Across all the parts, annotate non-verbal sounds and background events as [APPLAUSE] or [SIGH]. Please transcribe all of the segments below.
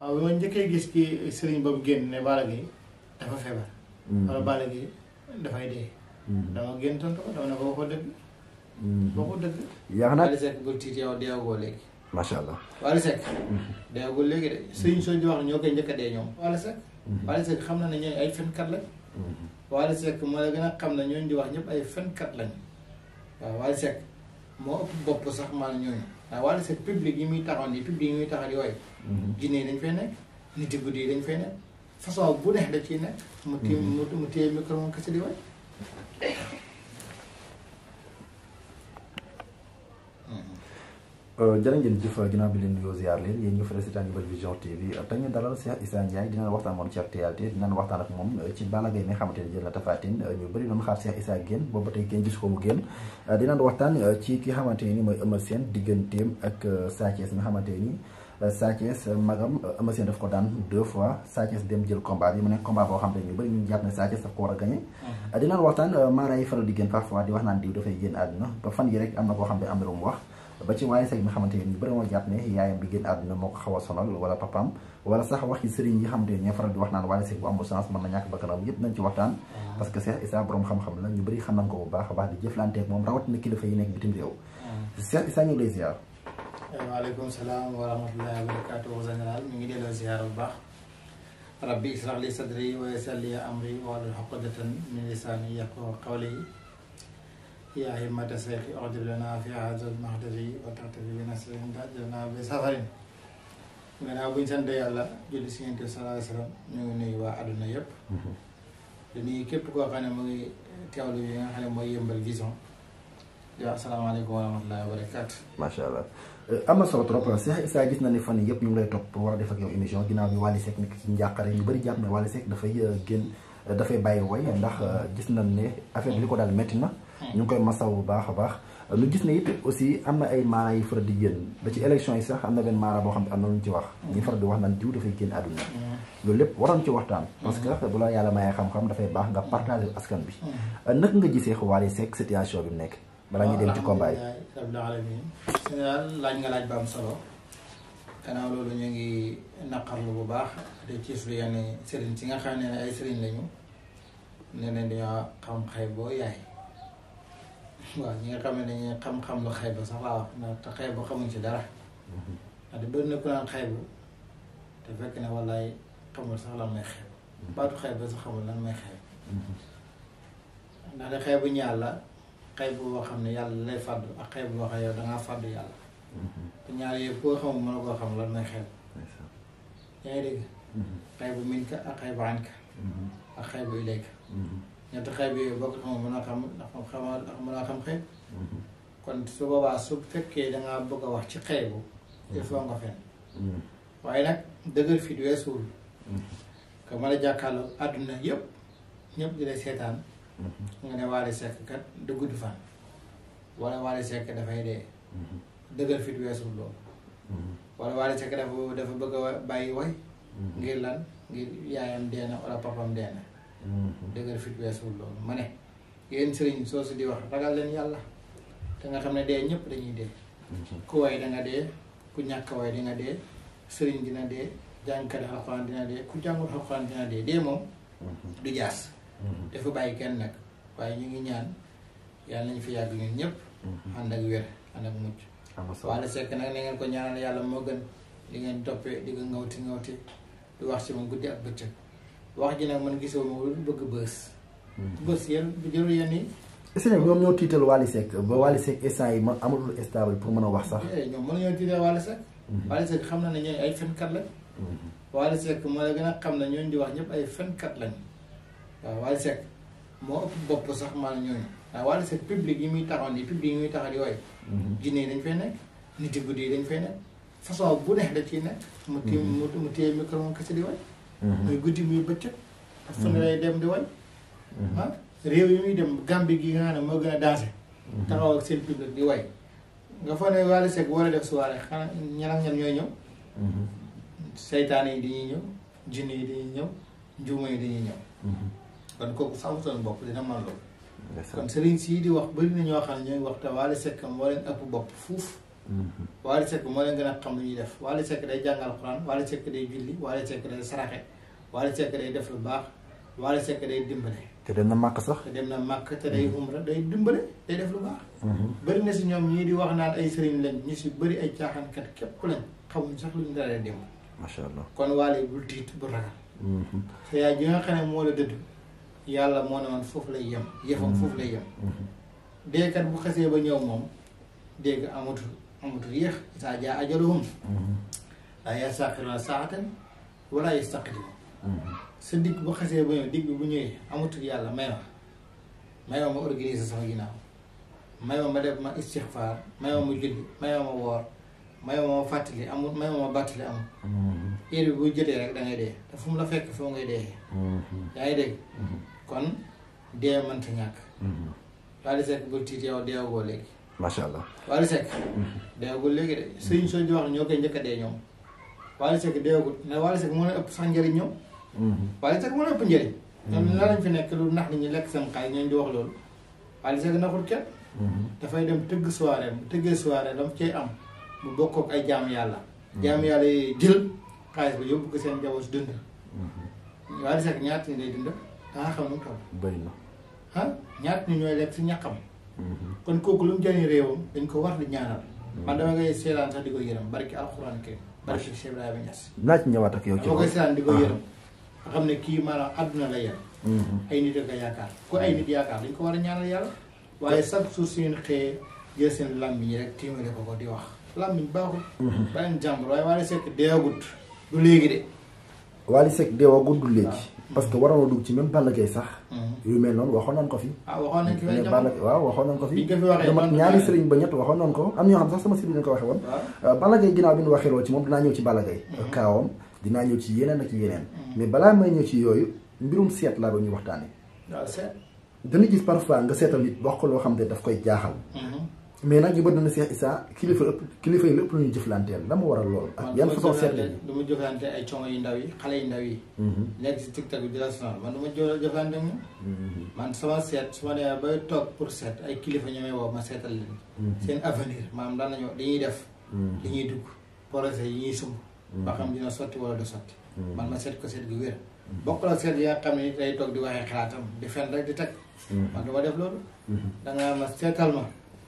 waaw bi njëkkee gis ki sëriñ boobu génn ne Balla gi dafa feebar mm. wala Balla Gaye dafay dee mm. dama génn tontu ko dama ne ko waxoo dëgg mm-hmm. waxoo dëgg yaa nag bu tiit yow deewagoo léegi macha allah Wally Seck mm-hmm. deewagoo léegi de sëriñ soo di ñoo koy njëkk a dee ñoom Wally Seck mm-hmm. Wally Seck xam na ne ay fenkat lañ Wally Seck moo la gën a xam ne ñooñu di wax ñëpp ay fenkat lañ waaw Wally Seck moo ëpp bopp sax maa ñooñu waaw wàllu set public yi muy taxaw nii public yi muy taxaw di waaye. jinne yi dañ fay nekk nit yi guddi yi dañ fay nekk façon bu neex da ciy nekk. mu téye mu téye micro moom kese di waaye. Euh, jërë ngeen jëf ginnaaw bi leen nuyoo ziar leen yéen ñu fa seetaan Yumbal Vision TV tey ñu dalal Cheikh Issa Ndiaye dinañ waxtaan moom ci ak moom euh, ci Balla Gaye nga na Tapha Tine euh, waxtaan ci ki xamante ne ni mooy Eumeu Sène digganteem ak Sa Thiès nga xamante ni Sa Thiès magam Eumeu Sène daf ko daan deux fois Sa Thiès dem jël combat bi mu nekk combat boo xam ne ñu bëri ñu jàpp ne Sa daf ko war a gagné mm-hmm. dinañ waxtaan maara yi faral di génn parfois di wax naan diw na koo na lu mu wax ba ci waaye sax yi nga xamante ne bëri moo jàpp ne yaayam bi génn àdduna moo ko xaw a sonal wala papam wala sax waxi sëriñ yi xamante ne ñoo faral di wax naan waaye sax bu amul sens mën na ñàkk bakkanam yëpp nañ ci waxtaan ah. parce que Cheikh Issa borom xam-xam la ñu bëri xam nañ ko bu baax a baax di jëflanteeg moom rawat na kilifa yi nekk bitim réew ah. Cheikh Issa ñu ngi lay ziar eh, waaleykum salaam wa rahmatullahi wa barakatuh wa général ñu ngi delloo ziar bu baax rabbi israh li sadri wa yassir li amri wa hlul uqdatan min lisani yafqahu qawli يا همة الشيخ اعجب لنا في هذا المحضر وتعتفي bu ñu yàlla julli si yonent bi waa àdduna yëpp dañuy képp koo mu ngi teewlu yi mooy yëmbal vision yow wa rahmatullahi wa barakaatu macha allah am na solo trop Cheikh Issa gis na ni fan yëpp ñu ngi lay topp war a def ak yow émission ginnaaw bi Wally Seck nekk njàqare ñu bëri jàpp ne Wally Seck dafay génn dafay bàyyi way ndax gis nañ ne affaire bi li ko daal metti na ñu ngi koy masaw bu baax a baax lu gis ne it aussi am na ay maara yi faral di génn ba ci élection yi sax am na benn maara boo xam ne am na lu ñu ci wax mm. ñu faral wax naan diw dafay génn àdduna mm. loolu lépp waroon ci mm. parce que bu la yàlla mayee dafay baax nga partagé askan bi euh, naka nga gisee Wally Seck situation bi mu nekk balaa ñuy dem ci combat yi rabbil alamin laaj nga laaj ba am solo gannaaw loolu ñu ngi naqarlu bu baax ci lu yenn si nga xam ne ay sëriñ lañu ne leen dañoo xam xay boo yaay waaw ñi nga xam ne dañuy xam-xam lu xayba sax laa wax ndax te xayba xamuñ ci dara mm-hmm. ndax di bëri na ku naan xaybu te fekk ne wallaay xamul sax lan may xaybu mm-hmm. baatu xayba sax xamul lan may xaybu mm-hmm. ndax de xaybu ñaar la xaybu boo xam ne yàlla lay fàddu ak xaybu boo xam ne yow dangaa fàddu yàlla te ñaar yëpp koo xamul mën a koo xam lan may xaybu yaa ngi dégg xaybu min ka ak xaybu an ka ak xaybu ilayka ñetti xeet yooyu boo ko xamul a xam ndax xamal mën a xam xeet. Mm-hmm. kon su boobaa su fekkee da bëgg a wax ci xeet bu. il faut nga fen. Mm-hmm. waaye nag dëgër fit weesuwul. que mm-hmm. mën a jàkkaarloo àdduna yëpp ñëpp di lay seetaan. nga ne Wally Seck kat du gudd fan. wala Wally Seck dafay dee. dëgër fit weesuwul loolu. wala Wally Seck dafa dafa bëgg a bàyyi way. ngir lan ngir yaayam dee na papam dee Mm-hmm. dëgër fit weesuwul loolu ma ne yéen sëriñ soosu di wax ragal leen yàlla te nga xam ne dee ñëpp dañuy dee mm-hmm. ku way da nga dee ku ñàkk way di nga dee sëriñ dina dee jàngkati alxuraan dina dee ku jàngul alxuraan dina dee dee moom mm-hmm. du jaas dafa bàyyi kenn nag waaye ñu ngi ñaan yàlla nañu fi yàgg ñun ñëpp ànd ak wér ànd ak mucc waala sekk nag na ngeen ko ñaanal yàlla moo gën di ngeen toppee di nga ngawti ngawti di wax ci moom guddi ak bëccëg wax ji nag man gisoo ma lu bëgg bës. Hmm. bës yéen bu jëlu yéen yi. est-ce ñoom ñoo tiital Wally Seck ba Wally Seck instant yi ma stable pour mën a wax sax. Eh, ñoom mën nañoo tiital Wally Seck. Hmm. Wally Seck xam na ne ay fenkat la. Hmm. Wally Seck moo la gën a xam ne ñooñu di wax ñëpp ay fenkat lañ waaw Wally Seck moo ëpp bopp sax maanaam ñooñu waaw Wally Seck public yi muy taxaw nii public yi muy taxaw di way. jinne yi dañ fay nekk nit yi guddi yi dañ fay nekk façon bu neex da ciy nekk. mu téye mu téye micro moom di way. muy mm-hmm. guddi muy bëccëg. ak fu ne mm-hmm. lay dem di way. Mm-hmm. Ah, réew yi muy dem Gambie gi nga ne moo gën a daase. taxaw ak seen public di way. nga foog ne Wally war a def soirée xanaa ñan ak ñan ñooy ñëw. seytaane yi dañuy ñëw jinne yi dañuy ñëw njuuma yi dañuy ñëw. kon kooku sàmm seen bopp dina mën loolu. kon sëriñ si di wax bëri na ñoo xam ne ñooy wax te Wally Seck am moo leen ëpp bopp fuuf. Wally Seck moo leen gën a xam lu ñuy def Wally Seck day jàngal Alxuraan Wally Seck day julli Wally Seck day saraxe Wally def lu baax Wally Seck day dimbale. te na màkk sax. dem na màkk te day day dimbale day def mhm. si ñoom ñii di wax naan ay sëriñ lañ ñu si bëri ay caaxaankat képp lañ xamuñ sax lu ñu dalee démb. macha allah kon Wally bul tiit bu ragal. Mhm. te yaay ji nga xam moo la dëdd yàlla moo ne man foofu lay yem. yëfam mhm. foofu lay yem. deekat bu xasee ba ñëw moom dégg amatul. amatul yéex saa jaa ajaluhum mhm. laa yastaaxiruuna saa'atan wala yastaqdimuun mhm. sa digg bu xasee ba ñëw digg bu ñëwee amatul yàlla may ma may ma ma organiser sama ginnaaw ma ma def ma istixfaar may ma ma julli may ma woor may ma fàttali amul may ma bàttali amul heure mhm. bi bu jëlee rek da dee te fu mu la fekk foo ngay dee yaa ngi kon dee mënta ñàkk laa di seet bu tiit yow deewoo léegi macha allah. Wally Seck. deewagul léegi de sëñ soo di wax ñoo koy njëkk a dee ñoom. Wally Seck deewagul mais Wally Seck moo leen ëpp sax njëriñ ñoom. Mhm. Wally Seck moo leen ëpp njëriñ. Mhm. ñoom lañ fi nekk lu nax nit ñi lekk seen xaalis ñooñu di wax loolu. Wally Seck naxul kenn. Mhm. dafay dem tëgg soirée bu dam cay am mu bokk ay jaam yàlla. jaam yàlla yi seen njaboot dund. Wally Seck ñaata ñu lay dund daa xam nu mu toll. bëri na ah ñaata ñu ñooy lekk si ñàkkam kon kooku lu mu jëriñ réewam dañ ko war di ñaanal. man dama koy seetaan sax di ko yërëm barki alxuraan kay barki Cheikh Ibrahima Niass. naa ci ñëwaat ak yow ci loolu dama koy seetaan di ko ah. yërëm. nga xam ne kii maanaam àdduna la yem. Mm-hmm. ay nit ak yaakaar ku ay nit yaakaar dañ ko war a ñaanal yàlla. waaye chaque jour suñu xëyee jël seen làmmiñ rek tiimale ko ko di wax làmmiñ baaxul. Mm-hmm. beneen jàmbur waaye Wally Seck deewagut du léegi de. Wally Seck deewagut du léegi. parce que waroon a dugg ci même Balla Gaye sax. Mm-hmm. yu noonu waxoon nañ ko fi. ah waaw waxoon nañ ko fi. biñ ñaari sëriñ ba ñett waxoon nañ ko am na ñoo xam sax sama sëriñ lañ ko waxee woon. waaw euh, Balla Gaye ginnaaw bi ñu waxee loolu ci moom dinaa ñëw ci Balla Gaye. Mm-hmm. kaawam dinaa ñëw ci yeneen ak yeneen. Mm-hmm. mais balaa may ñëw ci yooyu mbirum seet laa doon ñu waxtaanee. waaw gis parfois nga seetal nit wax ko loo xam ne daf koy jaaxal. mais nag ñu bëgg na Cheikh Issa kilifa ëpp kilifa yi la ëpp lu ñu jëflanteel la lool. ak yan façon seet ma jëflante ay coono yu ndaw yi xale yu ndaw yi. Mhm. nekk bi di la sonal man du ma jëflante moom. Mhm. man sama seet su ma demee bay toog pour seet ay kilifa ñoomee woo ma seetal mhm. seen avenir maanaam daan nañu dañuy def. dañuy dugg projet yi ñuy sumb. ba xam dina sotti wala du sotti. man ma seet ko seet gu wér. bokk la seet yi nga xam ne day toog di waxee xalaatam di fen rek di tag man du ma def loolu. da nga ma seetal ma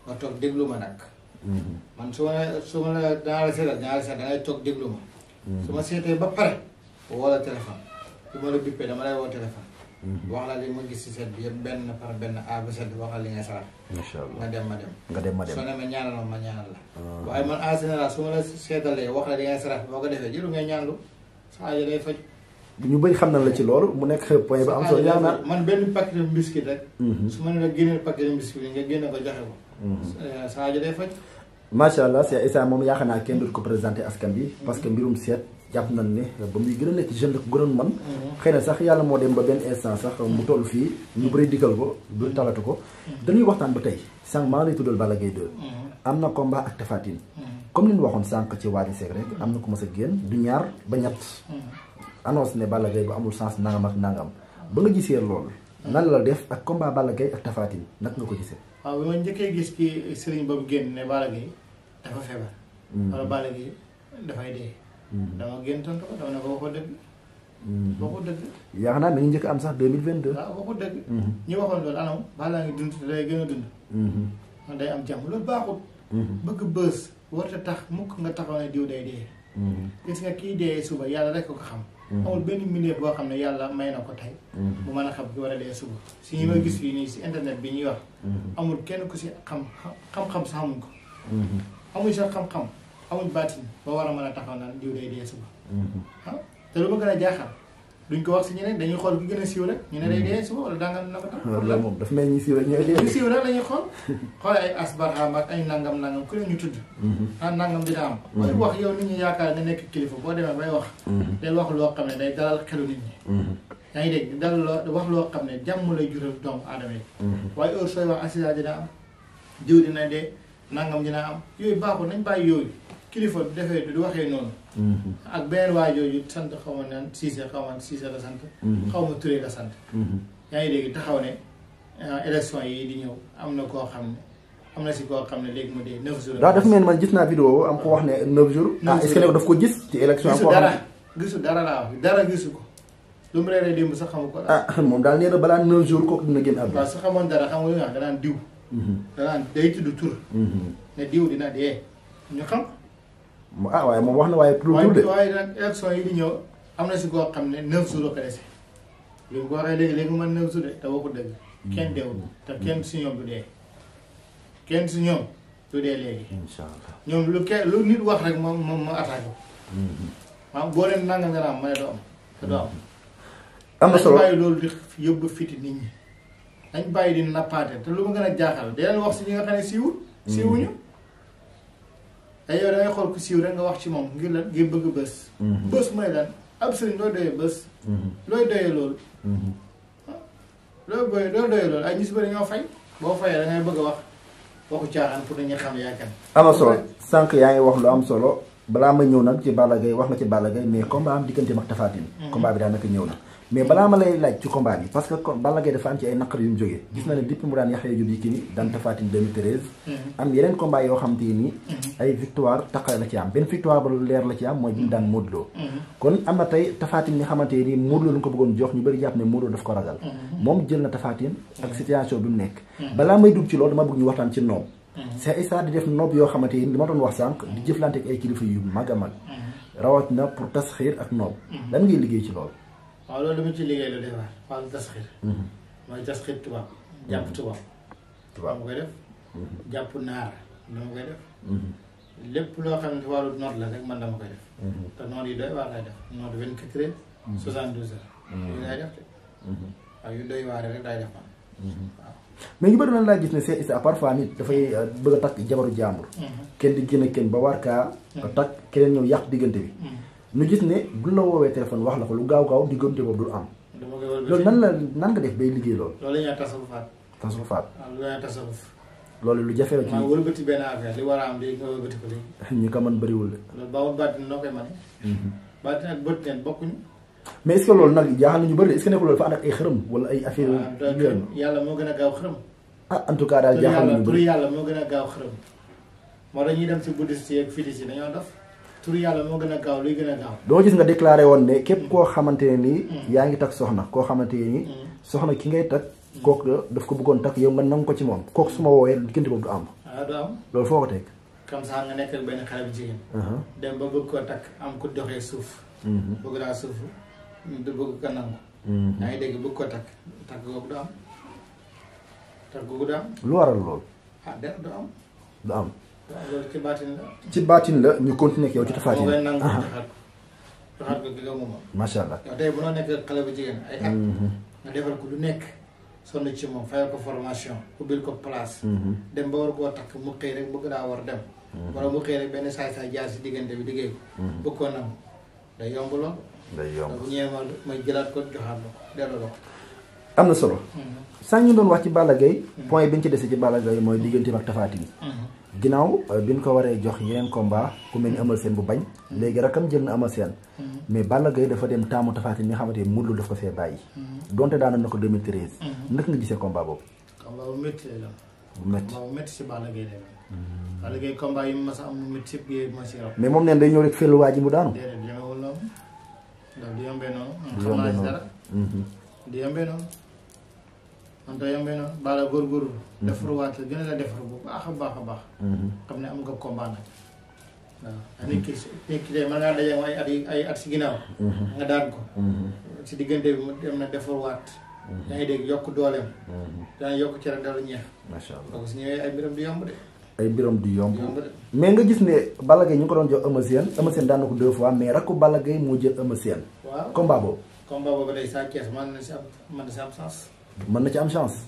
nga toog déglu ma nag. Mm-hmm. man su ma nee su ma nee dinaa la seetal dinaa la seetal da ngay toog déglu ma. Mm-hmm. su ma seetee ba pare woo la téléphone su ma la bippee dama lay woo téléphone. Mm-hmm. wax la li ma gis si seet bi yëpp benn par benn A ba wax la li ngay sarax. nga dem ma dem. nga dem ma dem soo ñaanal ma ma ñaanal la. Ah. waaye man en général su ma la seetalee wax la li ngay sarax boo ko defee jëru ngay ñaanlu saa yi faj. ñu bëri xam na la ci loolu mu nekk point bu am solo yaa naan macha allah Cheikh Issa moom yaakaar naa kenn dootu ko présenté askan que mbirum seet jàpp nañ ne ba muy gën a nekk jeune mhm. na sax yàlla moo dem ba benn instant sax mu toll fii ñu bëri digal ko du talatu ko. Mhm. dañuy waxtaan ba tey sànq lay tuddal Balla Gaye 2. Mhm. am na combat ak Tapha Tine. comme ni ñu waxoon sànq ci Wally Seck rek am na ko ma a génn du ñaar ba ñett. annonce ne Balla bu amul sens nangam ak nangam ba nga gisee loolu. nan la def ak combat Balla Gaye ak Tapha nag nga ko gisee. waaw bi ma njëkkee gis ki sëriñ boobu génn ne Balla Gaye dafa feebar. Mm-hmm. wala Balla Gaye dafay dee. Mm-hmm. dama génn tontu ko dama ne ko waxoo dëgg. Mm-hmm. waxoo dëgg. yaakaar naa mi ngi njëkk am sax deux mille vingt deux. waaw waxoo dëgg. ñi waxoon loolu anam Balla ngi dund day gën a dund. day am jàmm loolu baaxut. bëgg bës. warut a tax mukk nga taxaw ne diw day dee. Mhm. gis nga kii dee suba yàlla rek ko xam. Mhm. amul benn milieu boo xam ne yàlla may na ko tey. Mhm. bu mën a xam ki war a dee suba. si ñu may gis fii nii si internet bi ñuy wax. amul kenn ku si xam xam-xam sax amuñ ko. amuñ sax xam-xam amuñ baatin ba war a mën a taxaw naan diw day dee suba. Ah, te lu ma gën a jaaxal. duñ ko wax si ñeneen dañuy xool ki gën a siiw rek ñu ne day dee suba wala dangam naka tam. problème moom ñu siiw rek la ñuy xool xool ay nangam nangam ku ne ñu tudd. Mhm. ah nangam dina am. wala mhm. wax yow nit ñi yaakaar nga nekk kilifa boo demee bay wax. Mhm. day wax loo xam ne day dalal xelu nit ñi. yaa ngi dégg wax loo xam ne jàmm lay jural doomu aadama yi. waaye heure sooy wax assisa dina am jiw dina dee nangam dina am yooyu baaxul nañ bàyyi yooyu kilifa du defee du waxee noonu Mm-hmm. ak beneen waa jooju sant xaw ma naan Cissé xaw ma Cissé la sant. Mm-hmm. xaw ma Touré la sant. Mm-hmm. yaa ngi dégg taxaw ne ah, élection yi di ñëw am na koo xam ne. am na si koo xam ne léegi mu dee neuf jours. waaw dafa mel man gis naa vidéo am ko wax ne neuf jours. ah ko gis. ci élection dara gisu dara dara gisu ko. lu mu reeree démb ko. ah [LAUGHS] moom daal nee balaa neuf jours kooku dina génn àdduna. waaw su xamoon dara xam nga li nga day tudd tur. ne diw dina dee ñu xam. ah waaye moom wax na waaye. tur de waaye nag élection yi di ñëw am na si koo xam ne neuf jours la ko dese. li mu ko waxee léegi léegi man neuf de te waxu dëgg. Hmm. kenn deewul te kenn si kenn si ñoom du dee léegi. incha ñoom lu ke lu nit wax rek moom moom ma attaqué ko. maanaam hmm. boo leen nangam nga naan ma ne doo am te hmm. am. na solo bàyyi loolu di yóbbu fiti nit ñi. dañ bàyyi di nappaate te lu ma gën a jaaxal dinañ wax si ñi nga xam ne siiwul. siiwuñu. te yow da xool ku siiw rek nga wax ci moom ngir lan ngir bëgg bës. Mhm. bës mooy lan ab sëriñ looy doyee bës. Mhm. looy doyee loolu. Mhm. looy doyee looy doyee loolu ay ñu si bëri ñoo fay boo fayee da ngay bëgg a wax waxu caaxaan pour dañuy xam yaakaar. am na solo sanq yaa ngi wax lu am solo balaa ma ñëw nag ci Balla Gaye wax nga ci Balla Gaye mais combat am diggante mag Tapha Tine. combat bi daanaka ñëw na. mais balaa ma lay laaj ci combat bi parce que Balla Gaye dafa am ci ay naqar yu mu gis na ne depuis mu daan Yaxya Jóob Yékini daan Tapha Tine 2013 mm-hmm. am yeneen combat yoo xam te ni mm-hmm. ay victoire taqale la ci am benn victoire ba leer la ci am mooy bi mu daan Modou mm-hmm. kon am na tey Tapha Tine nga xamante ni Modou Lo lu ko bëggoon jox ñu bëri jàpp ne Modou Lo daf ko ragal moom jël na Tapha Tine ak situation bi mu nekk balaa may dugg ci loolu dama bëgg ñu waxtaan ci noob c'est ça di def yoo xamante ni li doon wax sànq di jëflante ak ay yu mag a mag rawatina pour tasxiir ak noob lan ngay liggéey ci loolu waaw loolu dama ci liggéey lu defaat wàllu tasxiir. mooy tasxiir tubaab. jàpp tubaab. tubaab dama koy def. Mhm. jàpp naar dama koy def. Mhm. lépp loo xam ne wàllu noot la rek man dama koy def. Mhm. te noot yi doy waar lay def noot waaw yu doy waar rek laay def man. waaw mais ñu bëri na laa gis ne c'est parfois nit dafay euh, bëgg a takk jabaru jàmbur. kenn di génn kenn ba war kaa. takk keneen ñëw yàq diggante bi. ñu gis ne du la woowee téléphone wax la ko lu gaaw gaaw diggante boobu du am. loolu nan la nan nga def bay liggéey loolu. loolu la ñuy tasawufaat. tasawufaat ah, waaw loolu lu jafe la ci. waaw wëlbati benn affaire li war a am léegi nga wëlbati ko léegi. [LAUGHS] ñi ko mën bëriwul la. loolu baaxul baatin noo koy mane. Mhm. baatin ak bët bokkuñu. mais est loolu nag jaaxal nañu bëri de est nekkul loolu dafa ànd ak ay xërëm wala ay affaire ah, yàlla moo gën a gaaw xërëm. ah en tout cas daal jaaxal nañu bëri yàlla moo gën a gaaw xërëm moo dañuy dem si bouddhiste yi ak fidis yi dañoo tur yàlla moo gën a gaaw luy gën a gaaw. doo gis nga déclaré woon ne képp koo xamante ne nii. Mm. yaa ngi takk soxna koo xamante ne nii. Mm. soxna ki ngay takk. Mm. kooku daf ko bëggoon takk yow nga nangu ko ci moom kooku su ma woowee ah, du am. loolu foo ko teg. comme ça nga nekk benn xale bu jigéen. Uh-huh. dem ba koo takk am ku doxee suuf. Mm-hmm. bëgg laa suuf bëgg ko mm-hmm. yaa ngi dégg bëgg koo takk takk googu du am takk googu du am. lu waral loolu. ah dara du am. du am. ci baatin la. ci baatin ñu continuer ak yow ci tafaatin. macha allah. tey bu noo nekk xale bu jigéen ay mm-hmm. ko lu nekk. sonn ci moom fayal ko formation ko place. Mm-hmm. dem ba war koo takk mu xëy rek bëgg daa war mm-hmm. mu xëy benn saay saay jaar bi liggéey ko. bëgg ko yomb lool. day yomb bu ñëwee ma ma jëlaat ko joxaat la ko delloo la ko. am na solo. saa ñu doon wax ci Balla Gaye point bi ñu ci defee ci Balla Gaye mooy digganteem ak tafaatin. ginnaaw euh, bi ñu ko waree jox yeneen combat ku mel ni Eumeu Sène bu bañ léegi rakam jël na Eumeu Sène mhm. mais Balla Gaye dafa dem taamu Tapha Tine mi nga xamante ni Modou Lô daf ko fee bàyyi mhm. donte daanoon na ko 2013 mhm. naka nga gisee combat boobu combat bu métti la bu métti a am mu ma si mais moom neen day ñëw rek fël waa ji mu daanu déedéet yombee noonu du yombee noonu du yombee noonu wante yembe na baala góorgóorlu. Mhm. defaruwaat la gën a la defar bu baax a baax a baax. Mhm. xam ne am nga combat nag. waaw ak mhm. nit ki ay at ay at ko. si diggante bi mu dem na defaruwaat. yaa ngi dégg yokk dooleem. daan yokk cere dara ñeex. macha allah donc su ñëwee ay du yomb de. ay mais nga gis ne Balla Gaye ñu ngi ko doon jox Eumeu daan na ko deux fois mais rakku Balla saa kees man na si am man na si am sens. mën na ci am chance.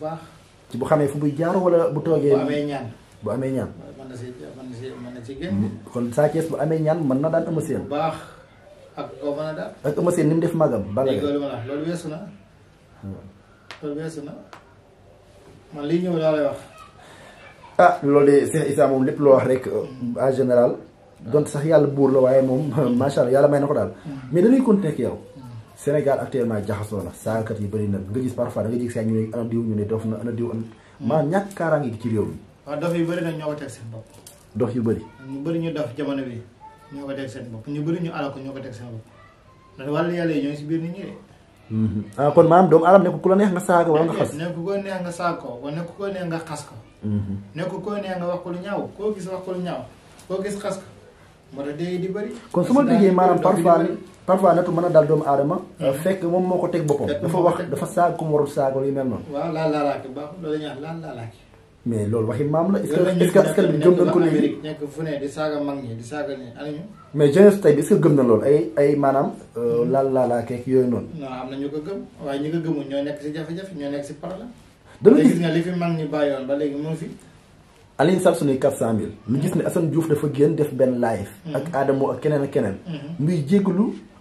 ci bu xamee fu buy jaar walla bu toogee. bu amee ñaan bu amee ñaan. mën na see mën na see mën na ci génn. mën na daan Eumeu bu baax ak koo a daan. ak Eumeu ni mu def magam. bala loolu weesu na hmm. loolu na man lii ñëw laa lay wax. ah loolu de Cheikh Issa moom lépp loo wax rek euh, en général. Hmm. donte sax yàlla buur la waaye moom [LAUGHS] macha allah yàlla may na ko daal. Hmm. mais dañuy continuer ak yow. Sénégal actuellement jaxasoo na saagakat yi bëri na nga gis parfois da nga gis saa ñu ne ana diw ñu ne dof na ana diw an ñàkk kaaraange gi ci réew mi. waaw dof yu bëri nag ñoo ko teg seen bopp. dof yu bëri. ñu bëri bi ñoo ko teg ñu bëri ñu alal ko ñoo ko teg seen bopp ndax si biir nit ñi de. Mhm. ah kon maanaam doomu aadama nekk ku la neex nga saaga wala nekk ku neex nga saag ko wala nekk ku ko neex nga xas ko. Mhm. nekk ku ko neex nga wax ko lu ñaaw koo gis wax ko lu ñaaw koo gis xas ko moo tax dee di bëri. kon su ma déggee maanaam parfois parfois natu mën a daal doomu aadama. Mhm. Euh, fekk moom moo ko teg boppam. dafa wax dafa saag ku mu warul saago yu mel noonu. loolu la ñu wax laal laalaake. mais loolu waxi maam la est-ce nekk fu ne di saaga mag ñi di saaga ñi anañu. mais jeunesse tey bi est gëm na loolu ay ay maanaam. Euh, laal laalaake yooyu noonu. non am na ñu ko gëm waaye ñu ko gëmul ñoo nekk si jafe-jafe ñoo nekk si problème. dama gis nga li fi mag ñi bàyyoon ba léegi moo fi. Aline Sall sunuy 400000. ñu gis ne Assane Diouf dafa génn def benn live. Mhm. ak Adamo ak keneen ak keneen. Mhm. muy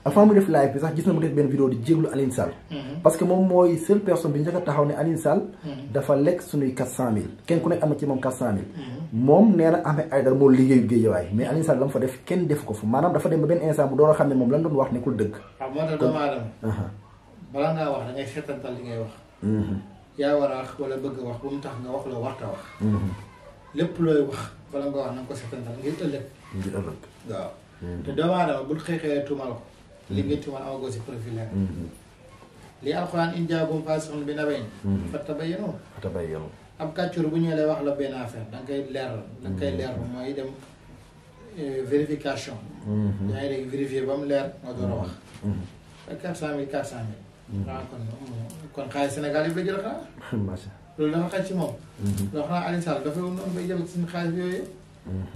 avant mu def live bi sax gis na mu def benn vidéo di jéglu Alioune mhm. parce que moom mooy seule personne bi njëkk a taxaw ne Alioune Sall. Mhm. dafa lekk suñuy 400000 kenn ku nekk am na ci moom 400000. Mhm. moom nee na Ahmed moo liggéeyu Guédiawaye mais Alioune Sall la mu fa def kenn def ko fa maanaam dafa dem ba benn instant bu door a xam ne moom lan doon wax nekkul dëgg. waaw ah, moo tax doomu aadama. Uh-huh. ngaa wax da ngay seetantal li ngay wax. Mm-hmm. yaa war a wax wala bëgg wax bu wax la warta wax. Mm-hmm. lépp looy wax bala nga wax na ko seetantal ngir ëllëg. ngir ëllëg waaw. Mm-hmm. te doomu aadama li ngeen ci woon aw goo si profil la li alxuraan in jaabum bi nabayin mhm. fa tabayyanu fa tabayyanu ab kàccur bu ñëwee lay wax la benn affaire da nga koy mhm. da koy leer mooy dem euh, vérification mhm. yaa ngi dégg vérifier ba mu leer nga door a wax quatre cent mille quatre cent mille waaw kon kon xaalis Sénégal yëpp la jël xanaa [LAUGHS] loolu dafa xaj ci moom loo xanaa Alioune Sall dafay noonu bay jël suñu xaalis yooyu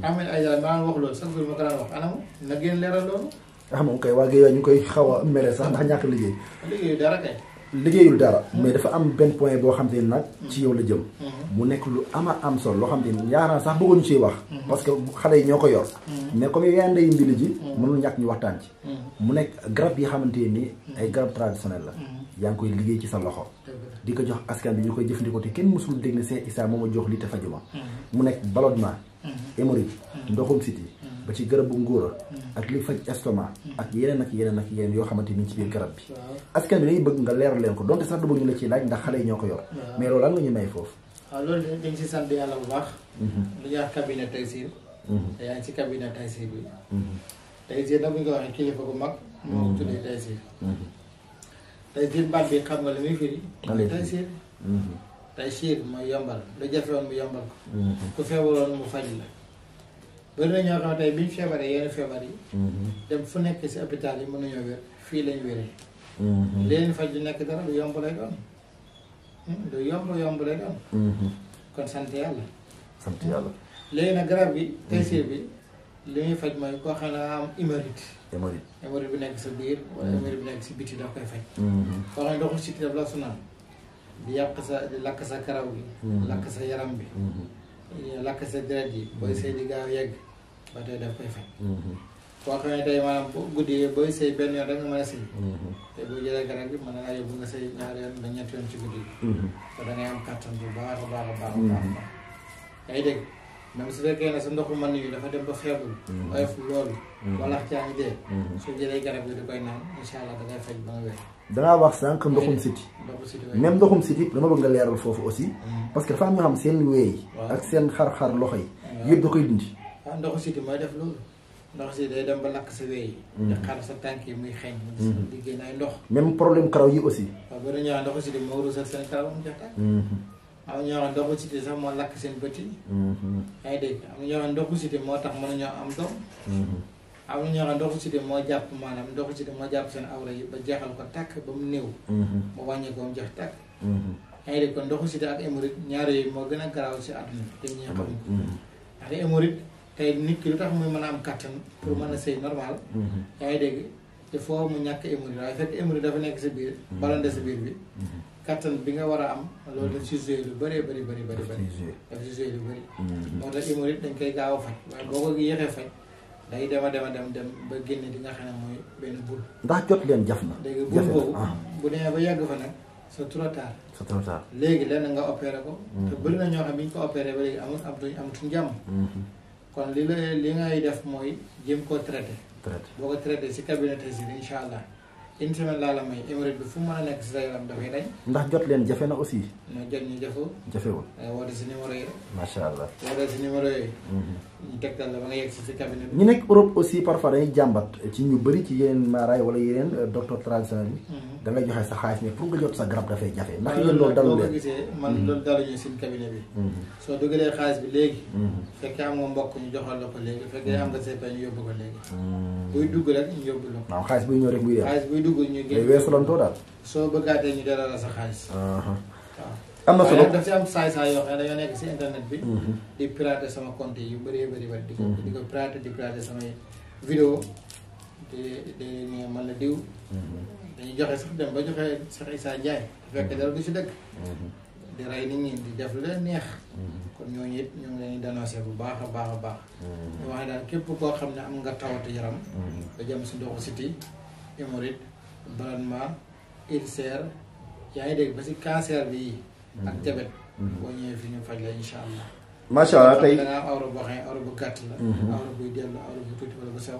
Ahmed Aïdara maa ngi wax loolu chaque jour ma ko daan wax anam na génn ah moom kay waa Guèye ñu koy xaw a sax ndax ñàkk liggéey. liggéeyul dara kay. liggéeyul dara mais dafa am benn point boo xam te nag. ci yow la jëm. Mhm. mu nekk lu ama am sol loo xam te ni yaakaar sax bëggoon ciy wax. Mhm. parce que xale yi ñoo ko yor. Mhm. mais comme yaay ndeyu mbili ji. mënul ñàkk ñu waxtaan ci. mu nekk garab yi xamante ni ay garab traditionnel la. yaa ngi koy liggéey ci sa loxo. di ko jox askan bi ñu koy jëfandikoo te kenn mësul dégg ne Cheikh Issa moom a jox lii te fajuma. mu nekk ballonnement. hémorroïde ndoxum siti ba ci garabu ngóora hmm. ak li faj estomac hmm. ak yeneen ak yeneen ak yeneen yoo xamante ni ci biir garab bi askan bi dañuy bëgg nga leeral leen ko donte sax du bëgg ñu la ci laaj ndax xale yi ñoo ko yor mais loolu lan ñu may foofu waaw loolu dañ si sant yàlla bu baax hmm. lu ñuy wax te yaa si cabinet Taysir bi Taysir nag bu ñu ko waxee kilifa bu mag moo tuddee Taysir Taysir baat bi xam nga li muy firi Taysir Taysir mooy yombal lu jafewoon mu yombal ko ku feebaroon mu faj la bëri na ñoo xam tey bi feebaree yenn feebar yi. Mm-hmm. dem fu nekk si hôpital yi mën nañoo wér fii lañ wéree. Mm-hmm. leen faj du nekk dara lu yomb lay doon. Hmm, lu yomb yomb lay doon. Mm-hmm. kon sant yàlla. sant yàlla. nag garab bi. tey bi li muy faj mooy koo xam ne am hémorroïde. hémorroïde hémorroïde nekk sa biir. wala hémorroïde bu nekk si biti daf koy faj. koo xam ne ndoxu si daf la su naan yàq sa di sa karaw gi. lakk sa yaram bi. lakk sa deret yi booy mm-hmm. sëy di gaaw yegg ba tey daf koy faj koo mm-hmm. xam ne tey maanaam bu guddi booy sëy benn yoon rek nga mën a sëy mm-hmm. te bu jëlee garab bi mën na laa nga sëy ñaari yoon ba ñetti yoon ci guddi te da ngay am kattan bu baax a baax a baax a baax yaa ngi dégg même su fekkee ne sa ndoxu mën yi dafa dem ba xeebul oyof loolu walax caa ngi dee su jëlee garab bi di koy naan incha dangaa wax sànq ndoxum siti même ndoxum siti dama bëgg nga leeral foofu aussi mm-hmm. parce que dafa am ñoo xam seen ak seen xar-xar loxo yi yëpp da koy dindi waaw ah, ndoxu siti mooy def loolu ndox si day dem ba lakk sa weey mm-hmm. sa tànk yi muy xeeñ di génn ay ndox même problème karaw yi aussi waaw ba dañoo ndoxu siti moo ruusal seen karaw mu jox mm-hmm. am na ñoo xam ndoxu siti sax moo lakk seen bët yi yaa ngi am na ñoo xam ndoxu siti moo tax mënuñoo am doom am na ñoo xam ndoxu siti moo jàpp maanaam ndoxu siti moo jàpp seen awra yi ba jeexal ko tàkk ba mu néew mhm. ba wàññi ko mu jeex tàkk mhm. yaa ngi kon ndoxu siti ak hémorroïde ñaar yooyu moo gën a garaaw si àdduna te ñi xam ndax hémorroïde mhm. nit ki tax muy mën am kattan pour mën a sëy normal yaa ngi foo mu ñàkk hémorroïde waaye fekk dafa nekk si biir balonde sa biir bi kattan bi nga war a am loolu daf si joué lu bëree bëri bëri bëri bëri daf si joué lu bëri moo tax hémorroïde dañ koy gaaw a faj waaye boo ko yéexee faj day dema dema dem dem ba génne di nga mooy benn bul. ndax jot leen jaf na. léegi bul boobu ah. bu demee ba yàgg fa nag c'est trop tard. c'est trop tard léegi lenn nga opéré ko. Mm-hmm. te bëri ñoo xam ne bi ñu ko opéré ba léegi amul amatuñ amatuñ jàmm. Mm-hmm. kon li la li ngay def mooy jéem koo traité. traité boo ko traité si cabinet yi incha allah une semaine laa la may hémorroïde bi fu mu nekk si sa yaram dafay dañ. ndax jot leen jafe na aussi. ñoo jot ñu jafewul. jafewul eh, woote si numéro macha allah woote si numéro ñu tegtal ba nga yegg si sa ñu nekk Europe aussi parfois dañuy jàmbat ci ñu bëri ci yeneen maaraay wala yeneen euh, docteur traditionnel bi. Mhm. da ngay joxe sa xaalis mais pour nga jot sa garab dafay jafe. ndax yéen loolu dalu leen boo ko man mhm. loolu daluñu suñu cabinet bi. Mhm. soo dugalee xaalis bi léegi. fekkee am mbokk ñu joxal la ko léegi fekkee am nga say pay ñu yóbbu ko léegi. buy dugg rek ñu yóbbu la ko. waaw xaalis buy ñëw rek buy dem xaalis buy dugg ñu. day weesu loolu daal. soo bëggaatee ñu dara sa xaalis. am na solo daf si am saay-saay yoo xam ne dañoo nekk si internet bi. Mhm. di pirater sama compte yu bëree bëri bëri. di ko mhm. di ko pirater di pirater samay vidéo di di ne man la diw. Mhm. dañuy joxe sax ba joxe sax Issa Ndiaye. bu fekkee du si dëkk. di rey nit ñi di def lu leen neex. kon ñooñu it ñu ngi leen di dénoncé bu baax a baax a baax. ñu wax daal képp koo xam ne am nga tawatu yaram. da jëm si ndoxu siti hémorroïde ballonnement ulcère yaa ngi dégg ba si cancer bi. ak mhm. jabet mhm. boo ñëwee fi ñu faj la incha allah. macha allah tey danaa am bu gàtt la. Mhm. awra buy dellu awra bu tuuti wala bu sew.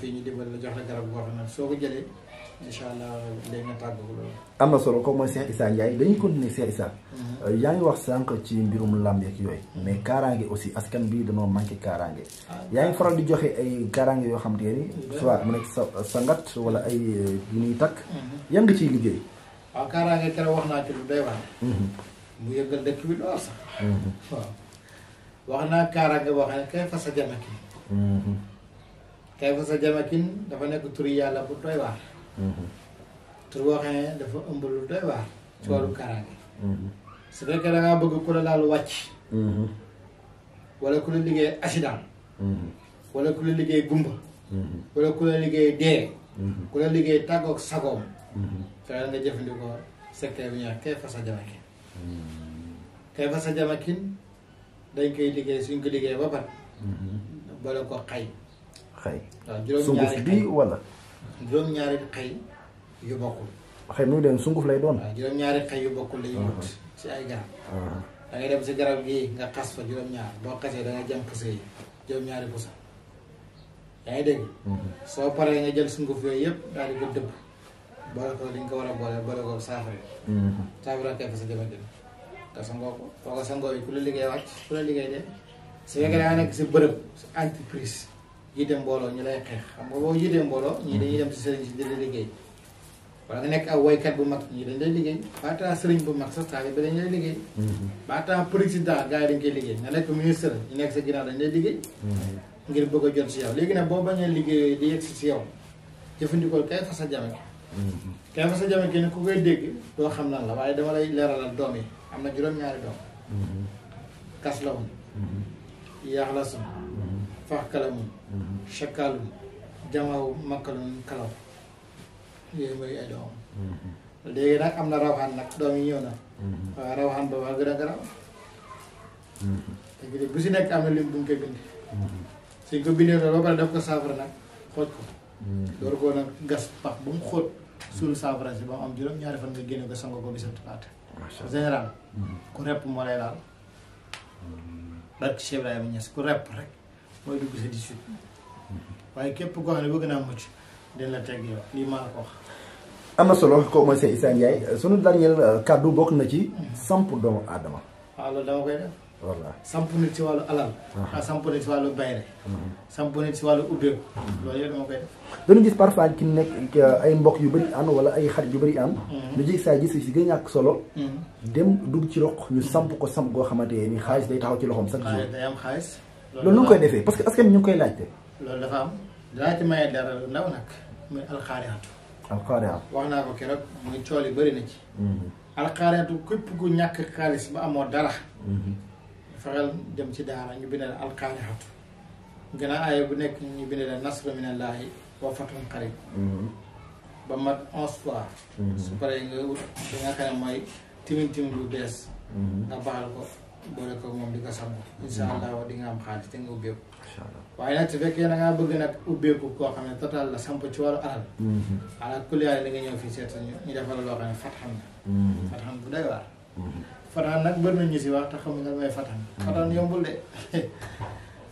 fii ñu dimbali la jox la garab boo xam ne soo ko jëlee incha allah léegi nga am na solo comme mooy Cheikh Issa Ndiaye dañuy continuer Cheikh Issa. Euh, yaa ngi wax sànq ci mbirum làmb yeeg yooyu. mais kaaraange aussi askan bi dañoo manqué ah, kaaraange. yaa ngi faral di joxe ay kaaraange yoo xam te ne soit mu nekk sa sangat wala ay yu ñuy takk. yan nga ciy liggéey. waaw kaaraange keroog wax naa ci lu doy waar. Mhm. mu yëngal dëkk bi lool sax. Mhm. waaw wax naa kaaraange boo xam ne kay jamakin. Mhm. kay fasa jamakin dafa nekk turi yàlla bu doy waar. tur boo dafa ëmb lu doy waar. ci kaaraange. su fekkee da bëgg ku la laal wàcc. wala ku la liggéey accident. wala ku la liggéey gumba. wala ku la liggéey dee. ku la liggéey tàggoog sagoom. fexeel nga jëfandikoo secret bi ñuy wax kay fasa jamakin kay fasa jamakin dañ koy liggéey suñ ko liggéey ba pare mm-hmm. bala ko xay xay waaw juróom-ñaari bi wala juróom-ñaari xay yu bokkul xëy nu dem sunguf lay doon. waaw juróom-ñaari xëy yu bokkul la ñuy si ay garab. Uh-huh. da ngay dem si garab gii nga xas fa juróom-ñaar boo xasee da nga jëm pusa yi juróom-ñaari pusa yaa ngi dégg. Mm-hmm. soo paree nga jël sunguf yooyu yëpp daal di dëbb. boole ko li ñu ko war a boole boole ko saafara. Mm-hmm. saafara ak fa sa jabar jël nga sangoo ko boo ko sangoo yi ku la liggéey wàcc ku la liggéey de su fekkee daa nekk si bërëb si entreprise yi dem mbooloo ñu lay xeex xam nga boo jiitee mbooloo ñii dañuy dem si sëriñ si di la liggéey wala nga nekk aw woykat bu mag ñii dañ lay liggéey baataa sëriñ bu mag sax taalibe dañ lay liggéey mm-hmm. baataa président gars yi dañ koy liggéey nga nekk ministre ñu nekk sa ginnaaw dañ lay liggéey mm-hmm. ngir bëgg a jot si yow léegi nag boo bañee liggéey di yegg si si yow jëfandikoo kay fa sa jabar kenn ku sa jame kenn ku koy dégg doo xam lan la waaye dama lay leeralal doom yi am na juróom-ñaari doom kas la woon yaax la sun fax kalamun chakaalum jamaaw makkalum kalaw léegi nag am na rawaxaan nag doom yi ñëw na waaw rawaxaan ba wax gën a garaaw bu si nekk am na lim bu ñu koy bind suñ ko bindee ba pare def ko saafara nag xooj ko door koo nag gas pax bu mu xóot suul saafarasi ba mu am juróom ñaari fan nga génne ko sango ko bisatu paate général mm-hmm. ku repp moo lay laal mm-hmm. barke Cheikh rek mooy dugg mm-hmm. képp koo xam ne bëgg naa mucc dina la teg am na solo ko mooy Cheikh Issa Ndiaye sunu dernier euh, kàddu bokk na ci samp doomu aadama waaw ah, loolu dama koy def voilà samp nit si wàllu alal. ah samp nit si wàllu bayre. Mhm. samp nit si wàllu ubbeeku. loolu yëpp dama koy def. dañu gis parfois ci nekk ay mbokk yu bëri am wala ay xarit yu bari am. ñu mhm. gis saa gis si gën a solo. Mhm. dem dugg ci roq ñu ko samp goo xamante nii xaalis day taxaw ci loxoom chaque jour. day am xaalis. loolu nu koy defee parce que askan ñu ngi koy laajte. loolu dafa am dinaa ci maye dara lu ndaw nag muy alxaariatu. alxaariatu wax naa ko keroog muy cool yi bëri na ci. alxaariatu képp ku ñàkk xaalis ba dara. fexeel dem ci daara ñu bindal alqaarixatu gën a aaya bu nekk ñu bindal nasru minallaahi wa fatun qarib mhm. ba mat onze fois mhm. su paree nga wut li nga xam mooy timin timin bu bees mhm. nga baxal ko boole ko moom di ko sangu insha allah di nga am xaalis te nga ubbeeku waaye nag su fekkee da ngaa bëgg nag ubbeeku koo xam ne total la samp ci wàllu alal ala kulli da nga ñëw fii seet ñu ñu defal loo xam ne fatxam na fatxam bu doy waar fanaan nag bër nañu si wax te xamuñ lan mooy fanaan mm-hmm. fanaan yombul de [LAUGHS]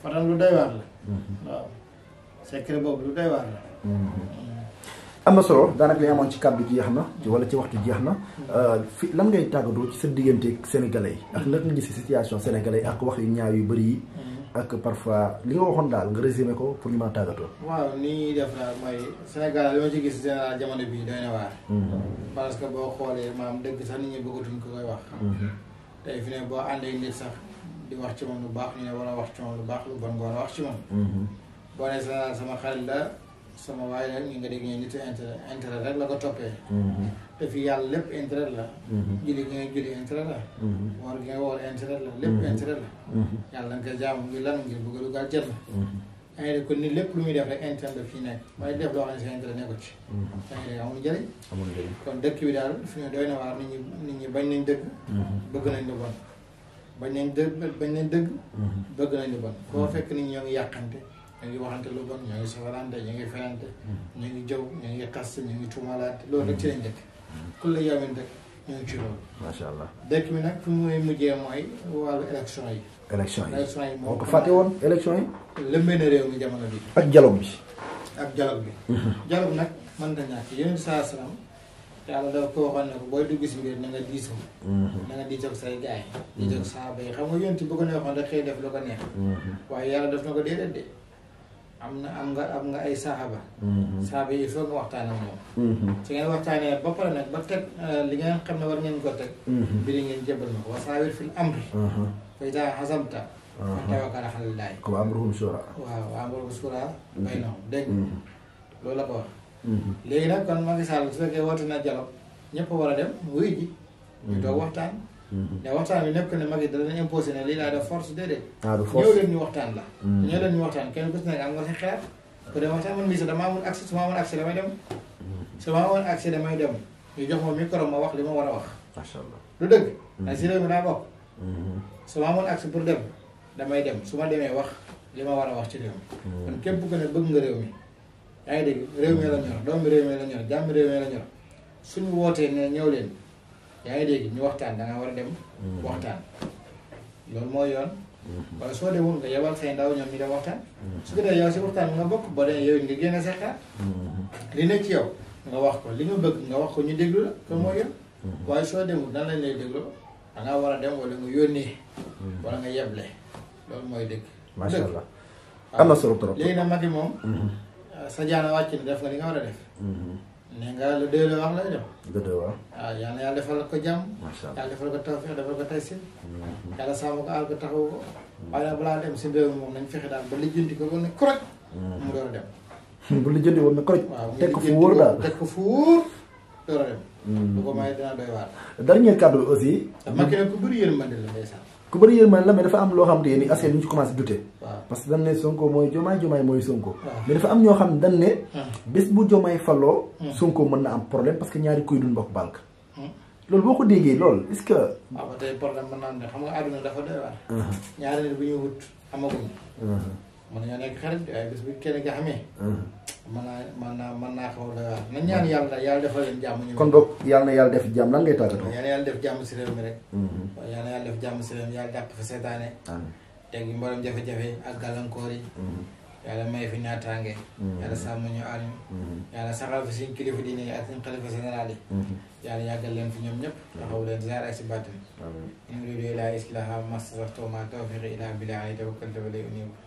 fanaan lu doy waar la mm-hmm. waaw secret boobu lu doy waar la mm-hmm. am na solo daanaka li amoon ci kàddu jeex na wala ci waxtu jeex na euh, fi lan ngay tàggatoo ci sa diggante sénégalais yi ak naka nga si situation sénégalais yi ak wax yu ñaaw yu bëri yi ak parfois li nga waxoon daal nga résumé ko pour ñu mën a tàggatoo. waaw ni ñuy def daal mooy Sénégal li ma ci gis général jamono bii doy na waar. Mhm. parce que boo xoolee maam dëgg sax nit ñi bëggatuñ ko koy wax. Mhm. tey fi ne boo àndee nit sax di wax ci moom lu baax ñu ne war wax ci moom lu baax lu bon nga war a wax ci moom. Mhm. boo nee général sama xarit la sama waay la ñu nga dégg ñu nitu intérêt intérêt rek la ko toppee. te fii yàlla lépp intérêt la. Mm-hmm. julli gi nga julli intérêt la. Mm-hmm. woor gi nga woor intérêt la lépp mm-hmm. intérêt la. yàlla nga koy jaamu ngir lan ngir bëgg a dugg àjjana. yaa ngi kon ni lépp lu muy def rek intérêt la fi nekk waaye def loo xam ne sa ci. yaa ngi dégg amul dëkk bi daal fi ñu doy na waar nit ñi nit ñi bañ nañ dëgg. bëgg nañ lu bon. bañ nañ dëgg bañ nañ dëgg. bëgg nañ lu bon foo fekk nit ñoo ngi yàqante. ñu ngi waxante lu bon ñoo ngi safarante ñu ngi fayante. ñu ngi jëw ñu ngi xas ñu ngi tuumalaate loolu rek ci lañ dëkk ku la yawin rek ñu ngi ci loolu. macha allah dëkk bi nag fu muy mujjee mooy wàllu élection yi. élection yi moo ko fàtte woon élection yi. lëmbee na réew mi jamono bi. ak dialogue bi. ak dialogue bi. [LAUGHS] dialogue nag mën na ñàkk yeneen saa salaam yàlla dafa ko waxoon ne ko booy dugg si mbir na nga diisoo. Mm-hmm. na nga diisoo say gaay yi. Mm-hmm. diisoo saaba yi xam nga yéen ci bu ko neexoon rek xëy def lu ko neex. Mm-hmm. waaye yàlla def na ko déedéet de. am na am nga am nga ay saxaaba. Mm-hmm. saxaaba yi soo faut nga waxtaan ak moom. Mm-hmm. su ngeen waxtaanee ba pare nag ba teg euh, li ngeen xam ne war ngeen ko teg. Mm-hmm. mbiri ngeen jébal ma wa saawir fil amri. Uh-huh. fa idaa xasamta. Uh-huh. tawakkal ala llaahi. wa amruhum shura. waaw wa amruhum shura baynahum dégg loolu la ko wax. léegi nag kon Macky su fekkee woote na dialogue ñëpp war a dem wuy ji. ñu doog waxtaan. Mm-hmm. ne waxtaan bi nekk ne mag yi da leen imposé ne lii laa def force déedéet. ah du ñu waxtaan la. Mm-hmm. ñëw leen ñu waxtaan kenn ku si nekk am nga si xeer. Mm-hmm. ku dem waxtaan man mii sax damaa amoon accès su ma amoon accès damay dem. su ma amoon accès damay jox ma micro ma wax li ma war a wax. macha allah lu dëgg. ndax si réew mi daa bokk. su ma amoon pour dem damay dem su ma demee wax li ma war a wax ci réew mi. kon ku ne bëgg nga réew mi. yaa dégg réew mi la ñor doom bi réew mi la ñor jàmm réew mi la ñor suñu wootee ne ñëw leen yaa ngi dégg ñu waxtaan da war a dem. Mhm. waxtaan loolu mooy yoon. Mhm. wala soo demul nga yebal say ndaw ñoom ñu dem waxtaan. Mhm. su ko a yow si waxtaan bi nga bokk boo demee yow nga génne sa li ne ci yow nga wax ko li ñu bëgg nga wax ko ñu déglu la loolu mooy yoon. waaye soo demul nan lañ lay déglu da ngaa war a dem wala nga yónnee. wala nga yeble loolu mooy dégg macha la am na solo trop léegi nag Mati moom. sa jaana wàcc na def nga li nga war a def. nee nga le deux la wax lay dem. le deux waaw. Ah, waaw yal yàlla defal ko jàmm. macha yàlla defal ko tawfeex defal ko taysir. Mm-hmm. yàlla sàmm ko aar ko taxawu ko. waaye balaa dem si mbéyum moom nañ fexe daal mm-hmm. a dem. [LAUGHS] bu lijjanti woon ne koroj. teg ko fu wóor daal teg ko fu wóor door a dem. Mm-hmm. bu ko may dina doy waar. dernier cadre aussi. Macky nag ku bëri yërmande la de ku bëri yërmande la mais dafa am loo xam te ni askan wi ñu ci commencé dute. parce que dañ ne Sonko mooy Jomaay Jomaay mooy Sonko. Ah. mais dafa am ñoo xam ne dañ ne. Ah. bés bu Jomaay faloo. Ah. Sonko mën na am problème parce que ñaari kuy duñ bokk banque. loolu boo ko déggee lool est que. waaw ba tey naa ne xam nga àdduna dafa doy waar. ñaari nit bu ñu wut amaguñ. mën nañoo nekk xarit waaye bés bu kenn nga xamee. mën naa mën naa mën xaw a doy waar nañ ñaan yàlla yàlla defal leen jàmm. ñu kon boog yàlla na yàlla def jàmm lan ngay tàggatoo. yàlla yàlla def jàmm si réew mi rek. Mm-hmm. yàlla yàlla def jàmm si réew mi yàlla jàpp fa seetaane. teggi mboolem jafe-jafe ak gàllankoor yi mm-hmm. yàlla may fi naataange mm-hmm. yàlla sàmm ñu aar ñu mm-hmm. yàlla saxal fi suñ kilifa diine yi ak suñ xalifa général yi yàlla yàggal leen fi ñoom ñëpp taxaw leen ziar ak si bàttin in uriidu illal islaaha mastata'tu wa maa tawfiiqi illaa billaah alayhi tawakkaltu wa ilayhi uniib